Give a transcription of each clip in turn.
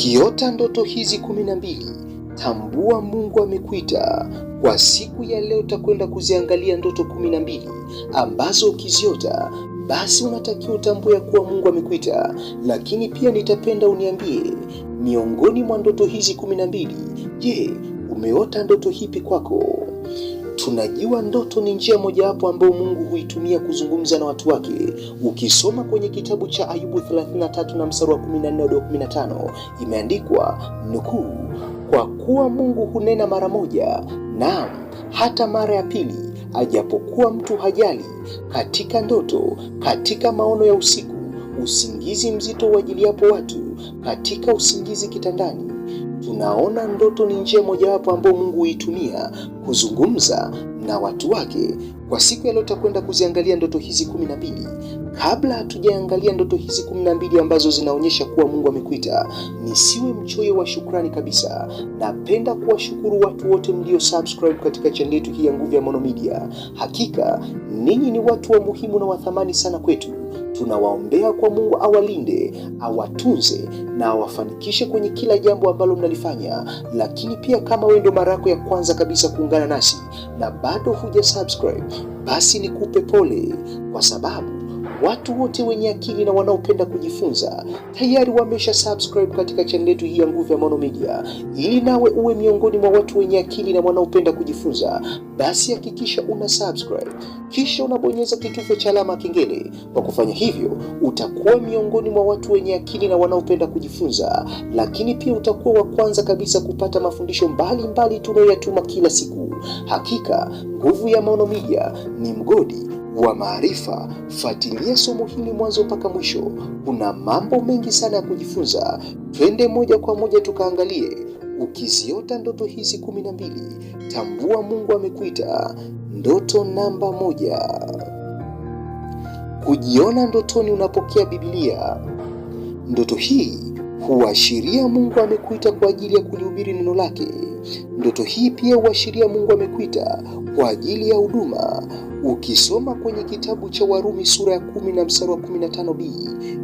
Ukiota ndoto hizi kumi na mbili, tambua Mungu amekuita. Kwa siku ya leo utakwenda kuziangalia ndoto kumi na mbili ambazo ukiziota basi unatakiwa utambue ya kuwa Mungu amekuita. Lakini pia nitapenda uniambie miongoni mwa ndoto hizi kumi na mbili, je, umeota ndoto hipi kwako? Tunajua ndoto ni njia mojawapo ambayo Mungu huitumia kuzungumza na watu wake. Ukisoma kwenye kitabu cha Ayubu 33 na mstari wa 14 hadi 15, imeandikwa nukuu, kwa kuwa Mungu hunena mara moja, naam hata mara ya pili, ajapokuwa mtu hajali, katika ndoto, katika maono ya usiku, usingizi mzito uajiliapo watu, katika usingizi kitandani Tunaona ndoto ni njia mojawapo ambayo Mungu huitumia kuzungumza na watu wake. Kwa siku ya leo tutakwenda kuziangalia ndoto hizi kumi na mbili. Kabla hatujaangalia ndoto hizi kumi na mbili ambazo zinaonyesha kuwa Mungu amekuita, nisiwe mchoyo wa shukrani kabisa. Napenda kuwashukuru watu wote mlio subscribe katika channel yetu hii ya Nguvu ya Maono Media. Hakika ninyi ni watu wa muhimu na wathamani sana kwetu tunawaombea kwa Mungu awalinde, awatunze na awafanikishe kwenye kila jambo ambalo mnalifanya. Lakini pia kama wewe ndo mara yako ya kwanza kabisa kuungana nasi na bado huja subscribe, basi nikupe pole kwa sababu Watu wote wenye akili na wanaopenda kujifunza tayari wamesha subscribe katika channel yetu hii ya Nguvu ya Maono Media. Ili nawe uwe miongoni mwa watu wenye akili na wanaopenda kujifunza, basi hakikisha una subscribe, kisha unabonyeza kitufe cha alama kengele. Kwa kufanya hivyo, utakuwa miongoni mwa watu wenye akili na wanaopenda kujifunza, lakini pia utakuwa wa kwanza kabisa kupata mafundisho mbalimbali tunayoyatuma kila siku. Hakika Nguvu ya Maono Media ni mgodi wa maarifa. Fuatilia somo hili mwanzo mpaka mwisho, kuna mambo mengi sana ya kujifunza. Twende moja kwa moja tukaangalie. Ukiziota ndoto hizi kumi na mbili, tambua Mungu amekuita. Ndoto namba moja: kujiona ndotoni unapokea Biblia. Ndoto hii huashiria Mungu amekuita kwa ajili ya kulihubiri neno lake. Ndoto hii pia huashiria Mungu amekuita kwa ajili ya huduma. Ukisoma kwenye kitabu cha Warumi sura ya kumi na mstari wa 15b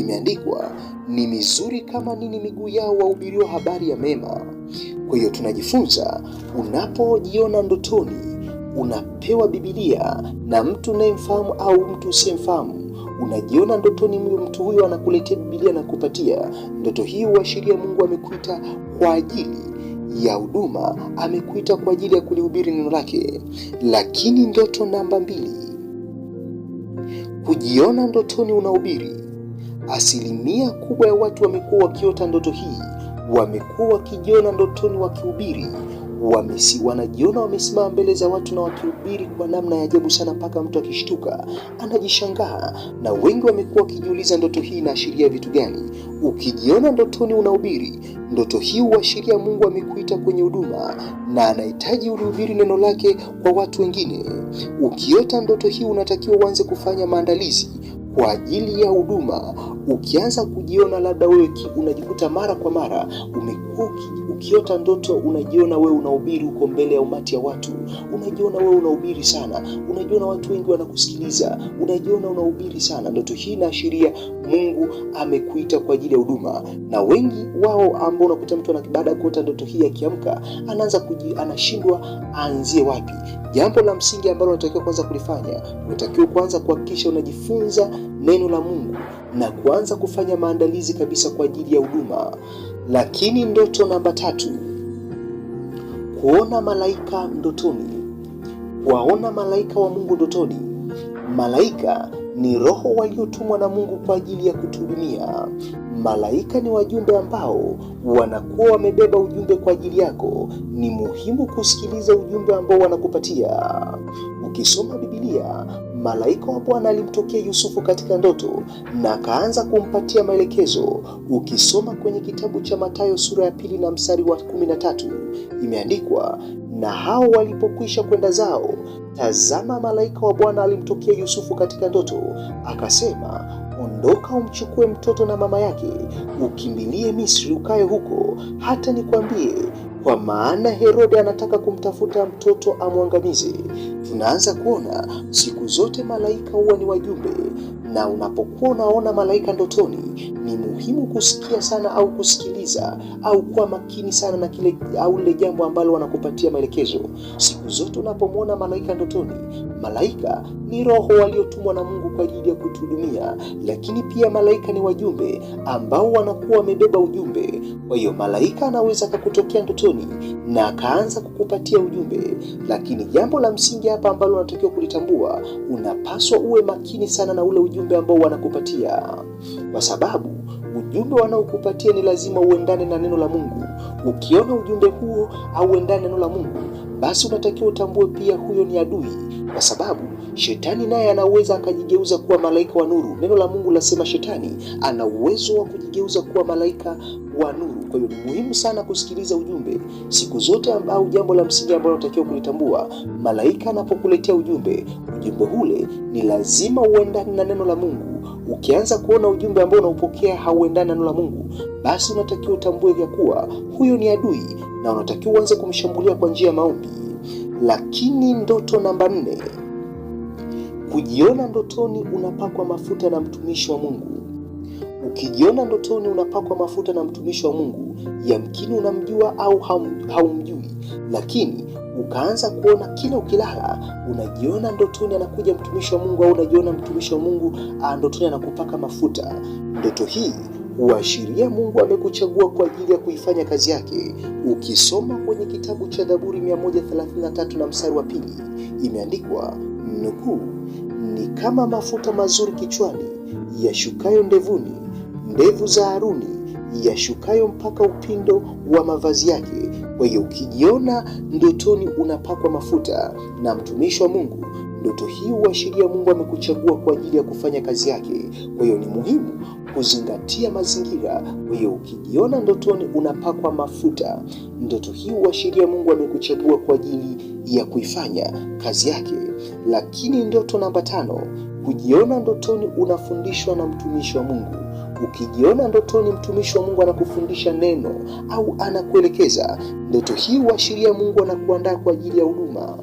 imeandikwa, ni mizuri kama nini miguu yao wahubirio habari ya mema. Kwa hiyo tunajifunza, unapojiona ndotoni unapewa Biblia na mtu unayemfahamu au mtu usiyemfahamu Unajiona ndotoni, mtu huyo anakuletea Biblia na kupatia ndoto hii, huashiria Mungu amekuita kwa ajili ya huduma, amekuita kwa ajili ya kulihubiri neno lake. Lakini ndoto namba mbili, kujiona ndotoni unahubiri. Asilimia kubwa ya watu wamekuwa wakiota ndoto hii, wamekuwa wakijiona ndotoni wakihubiri wamesi, wanajiona wamesimama mbele za watu na wakihubiri kwa namna ya ajabu sana, mpaka mtu akishtuka anajishangaa, na wengi wamekuwa wakijiuliza ndoto hii inaashiria vitu gani? Ukijiona ndotoni unahubiri, ndoto hii huashiria Mungu amekuita kwenye huduma na anahitaji ulihubiri neno lake kwa watu wengine. Ukiota ndoto hii, unatakiwa uanze kufanya maandalizi kwa ajili ya huduma. Ukianza kujiona labda wewe unajikuta mara kwa mara ume uki, ukiota ndoto unajiona wewe unahubiri huko mbele ya umati ya watu, unajiona wewe unahubiri sana, unajiona watu wengi wanakusikiliza, unajiona unahubiri sana. Ndoto hii inaashiria Mungu amekuita kwa ajili ya huduma, na wengi wao ambao unakuta mtu baada ya kuota ndoto hii akiamka anaanza kuji, anashindwa aanzie wapi. Jambo la msingi ambalo unatakiwa kwanza kulifanya, unatakiwa kwanza kuhakikisha unajifunza neno la Mungu na kuanza kufanya maandalizi kabisa kwa ajili ya huduma. Lakini ndoto namba tatu, kuona malaika ndotoni. Kuwaona malaika wa Mungu ndotoni. Malaika ni roho waliotumwa na Mungu kwa ajili ya kutuhudumia. Malaika ni wajumbe ambao wanakuwa wamebeba ujumbe kwa ajili yako. Ni muhimu kusikiliza ujumbe ambao wanakupatia. Ukisoma Biblia malaika wa Bwana alimtokea Yusufu katika ndoto na akaanza kumpatia maelekezo. Ukisoma kwenye kitabu cha Mathayo sura ya pili na mstari wa 13 imeandikwa, na hao walipokwisha kwenda zao, tazama, malaika wa Bwana alimtokea Yusufu katika ndoto akasema, Ondoka umchukue mtoto na mama yake, ukimbilie Misri, ukae huko hata nikwambie kwa maana Herode anataka kumtafuta mtoto amwangamize. Tunaanza kuona siku zote malaika huwa ni wajumbe, na unapokuwa unaona malaika ndotoni ni muhimu kusikia sana au kusikiliza au kuwa makini sana na kile au lile jambo ambalo wanakupatia maelekezo. Siku zote unapomwona malaika ndotoni, malaika ni roho waliotumwa na Mungu kwa ajili ya kutuhudumia, lakini pia malaika ni wajumbe ambao wanakuwa wamebeba ujumbe. Kwa hiyo malaika anaweza akakutokea ndotoni na akaanza kukupatia ujumbe, lakini jambo la msingi hapa ambalo unatakiwa kulitambua, unapaswa uwe makini sana na ule ujumbe ambao wanakupatia kwa sababu ujumbe wanaokupatia ni lazima uendane na neno la Mungu. Ukiona ujumbe huo hauendani neno la Mungu, basi unatakiwa utambue pia huyo ni adui, kwa sababu shetani naye anaweza akajigeuza kuwa malaika wa nuru. Neno la Mungu lasema shetani ana uwezo wa kujigeuza kuwa malaika wa nuru. Kwa hiyo ni muhimu sana kusikiliza ujumbe siku zote, ambao jambo la msingi ambalo unatakiwa kulitambua, malaika anapokuletea ujumbe, ujumbe ule ni lazima uendane na neno la Mungu. Ukianza kuona ujumbe ambao unaupokea hauendani na neno la Mungu, basi unatakiwa utambue vya kuwa huyo ni adui na unatakiwa uanze kumshambulia kwa njia ya maombi. Lakini ndoto namba nne, kujiona ndotoni unapakwa mafuta na mtumishi wa Mungu. Ukijiona ndotoni unapakwa mafuta na mtumishi wa Mungu, yamkini unamjua au haumjui, lakini ukaanza kuona kila ukilala unajiona ndotoni anakuja mtumishi wa Mungu, au unajiona mtumishi wa Mungu ah, ndotoni anakupaka mafuta. Ndoto hii huashiria Mungu amekuchagua kwa ajili ya kuifanya kazi yake. Ukisoma kwenye kitabu cha Zaburi 133 na mstari wa pili, imeandikwa nukuu, ni kama mafuta mazuri kichwani yashukayo ndevuni, ndevu za Haruni yashukayo mpaka upindo wa mavazi yake kwa hiyo ukijiona ndotoni unapakwa mafuta na mtumishi wa Mungu, ndoto hii huashiria Mungu amekuchagua kwa ajili ya kufanya kazi yake. Kwa hiyo ni muhimu kuzingatia mazingira. Kwa hiyo ukijiona ndotoni unapakwa mafuta, ndoto hii huashiria Mungu amekuchagua kwa ajili ya kuifanya kazi yake. Lakini ndoto namba tano, kujiona ndotoni unafundishwa na mtumishi wa Mungu. Ukijiona ndotoni mtumishi wa Mungu anakufundisha neno au anakuelekeza, ndoto hii huashiria Mungu anakuandaa kwa ajili ya huduma.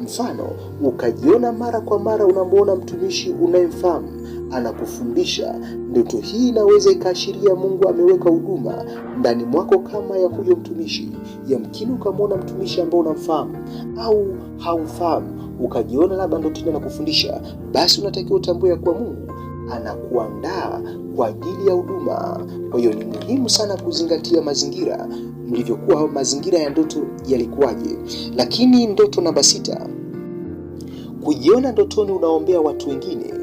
Mfano, ukajiona mara kwa mara unamwona mtumishi unayemfahamu anakufundisha, ndoto hii inaweza ikaashiria Mungu ameweka huduma ndani mwako kama ya huyo mtumishi. Yamkini ukamwona mtumishi ambao unamfahamu au haumfahamu, ukajiona labda ndotoni anakufundisha, basi unatakiwa utambue ya kuwa Mungu anakuandaa kwa ajili ya huduma. Kwa hiyo ni muhimu sana kuzingatia mazingira mlivyokuwa, mazingira ya ndoto yalikuwaje. Lakini ndoto namba sita, kujiona ndotoni unaombea watu wengine.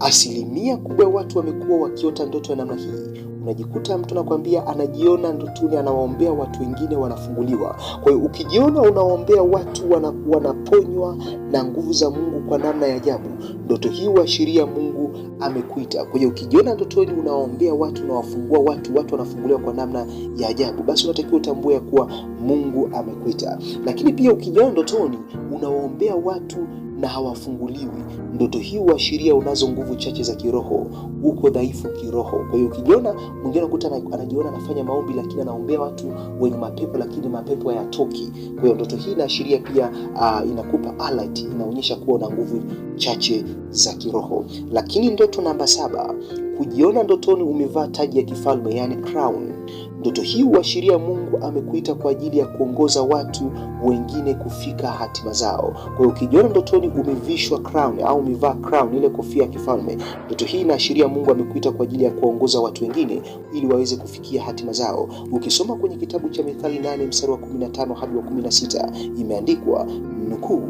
Asilimia kubwa ya watu wamekuwa wakiota ndoto ya namna hii. Unajikuta mtu anakwambia anajiona ndotoni anawaombea watu wengine wanafunguliwa. Kwa hiyo ukijiona unawaombea watu wanaponywa na nguvu za Mungu kwa namna ya ajabu, ndoto hii huashiria Mungu amekuita. Kwa hiyo ukijiona ndotoni unawaombea watu, unawafungua watu, watu wanafunguliwa kwa namna ya ajabu, basi unatakiwa utambue ya kuwa Mungu amekuita. Lakini pia ukijiona ndotoni unawaombea watu na hawafunguliwi. Ndoto hii huashiria unazo nguvu chache za kiroho, uko dhaifu kiroho. Kwa hiyo ukijiona mwingine anakuta anajiona anafanya maombi, lakini anaombea watu wenye mapepo, lakini mapepo hayatoki. Kwa hiyo ndoto hii inaashiria pia, uh, inakupa alert, inaonyesha kuwa una nguvu chache za kiroho. Lakini ndoto namba saba, kujiona ndotoni umevaa taji ya kifalme, yani crown Ndoto hii huashiria Mungu amekuita kwa ajili ya kuongoza watu wengine kufika hatima zao. Kwa hiyo ukijiona ndotoni umevishwa crown au umevaa crown, ile kofia ya kifalme, ndoto hii inaashiria Mungu amekuita kwa ajili ya kuongoza watu wengine ili waweze kufikia hatima zao. Ukisoma kwenye kitabu cha Mithali nane mstari wa 15 hadi wa 16 imeandikwa nukuu,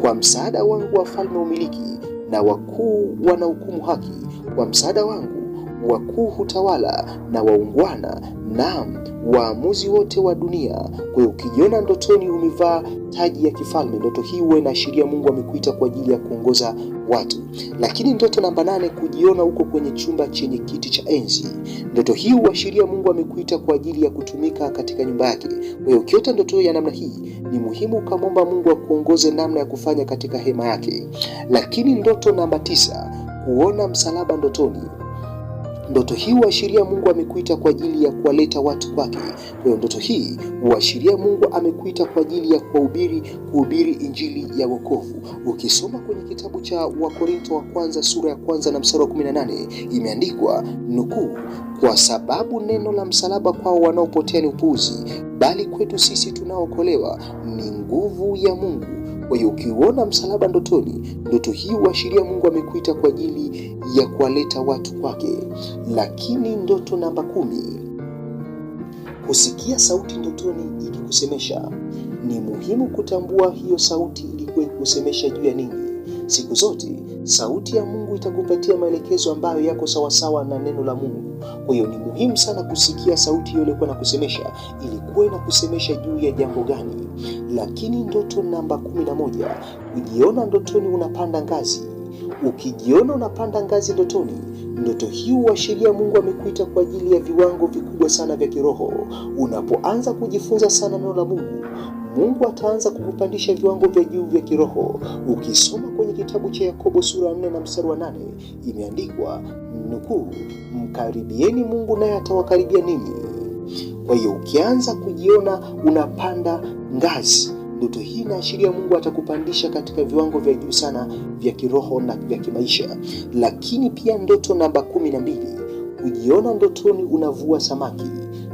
kwa msaada wangu wafalme umiliki na wakuu wanahukumu haki, kwa msaada wangu wakuu hutawala na waungwana, naam, waamuzi wote wa dunia. Kwa hiyo ukijiona ndotoni umevaa taji ya kifalme, ndoto hii huwa inaashiria Mungu amekuita kwa ajili ya kuongoza watu. Lakini ndoto namba nane, kujiona uko kwenye chumba chenye kiti cha enzi. Ndoto hii huashiria Mungu amekuita kwa ajili ya kutumika katika nyumba yake. Kwa hiyo ukiota ndoto ya namna hii, ni muhimu ukamwomba Mungu akuongoze namna ya kufanya katika hema yake. Lakini ndoto namba tisa, kuona msalaba ndotoni Ndoto hii huashiria Mungu amekuita kwa ajili ya kuwaleta watu kwake. Kwa hiyo ndoto hii huashiria Mungu amekuita kwa ajili ya kuhubiri kuhubiri injili ya wokovu. Ukisoma kwenye kitabu cha Wakorinto wa kwanza sura ya kwanza na mstari wa 18 imeandikwa nukuu, kwa sababu neno la msalaba kwao wanaopotea ni upuzi, bali kwetu sisi tunaokolewa ni nguvu ya Mungu. Kwa hiyo ukiuona msalaba ndotoni, ndoto hii huashiria Mungu amekuita kwa ajili ya kuwaleta watu kwake. Lakini ndoto namba kumi, kusikia sauti ndotoni ikikusemesha. Ni muhimu kutambua hiyo sauti ilikuwa ikikusemesha juu ya nini. Siku zote sauti ya Mungu itakupatia maelekezo ambayo yako sawasawa na neno la Mungu. Kwa hiyo ni muhimu sana kusikia sauti hiyo iliyokuwa na kusemesha, ilikuwa na kusemesha juu ya jambo gani. Lakini ndoto namba kumi na moja, kujiona ndotoni unapanda ngazi. Ukijiona unapanda ngazi ndotoni, ndoto hii huashiria Mungu amekuita kwa ajili ya viwango vikubwa sana vya kiroho. Unapoanza kujifunza sana neno la Mungu, Mungu ataanza kukupandisha viwango vya juu vya kiroho. Ukisoma kwenye kitabu cha Yakobo sura 4 na mstari wa 8 imeandikwa nukuu, mkaribieni Mungu naye atawakaribia ninyi. Kwa hiyo ukianza kujiona unapanda ngazi Ndoto hii inaashiria Mungu atakupandisha katika viwango vya juu sana vya kiroho na vya kimaisha. Lakini pia ndoto namba kumi na mbili, kujiona ndotoni unavua samaki.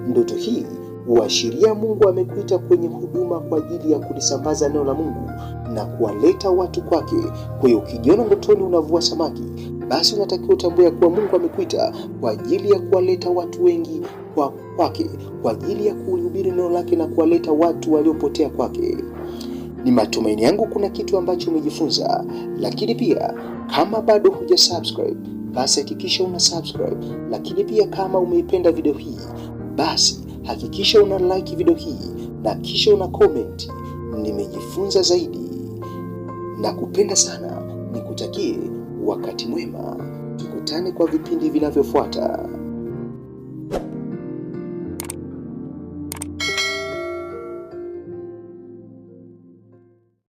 Ndoto hii huashiria Mungu amekuita kwenye huduma kwa ajili ya kulisambaza neno la Mungu na kuwaleta watu kwake. Kwa hiyo ukijiona ndotoni unavua samaki, basi unatakiwa utambue ya kuwa Mungu amekuita kwa ajili ya kuwaleta watu wengi kwa kwake, kwa ajili ya kuhubiri neno lake na kuwaleta watu waliopotea kwake. Ni matumaini yangu kuna kitu ambacho umejifunza, lakini pia kama bado huja subscribe, basi hakikisha una subscribe. Lakini pia kama umeipenda video hii, basi hakikisha una like video hii na kisha una comment nimejifunza zaidi. Na kupenda sana nikutakie wakati mwema, tukutane kwa vipindi vinavyofuata.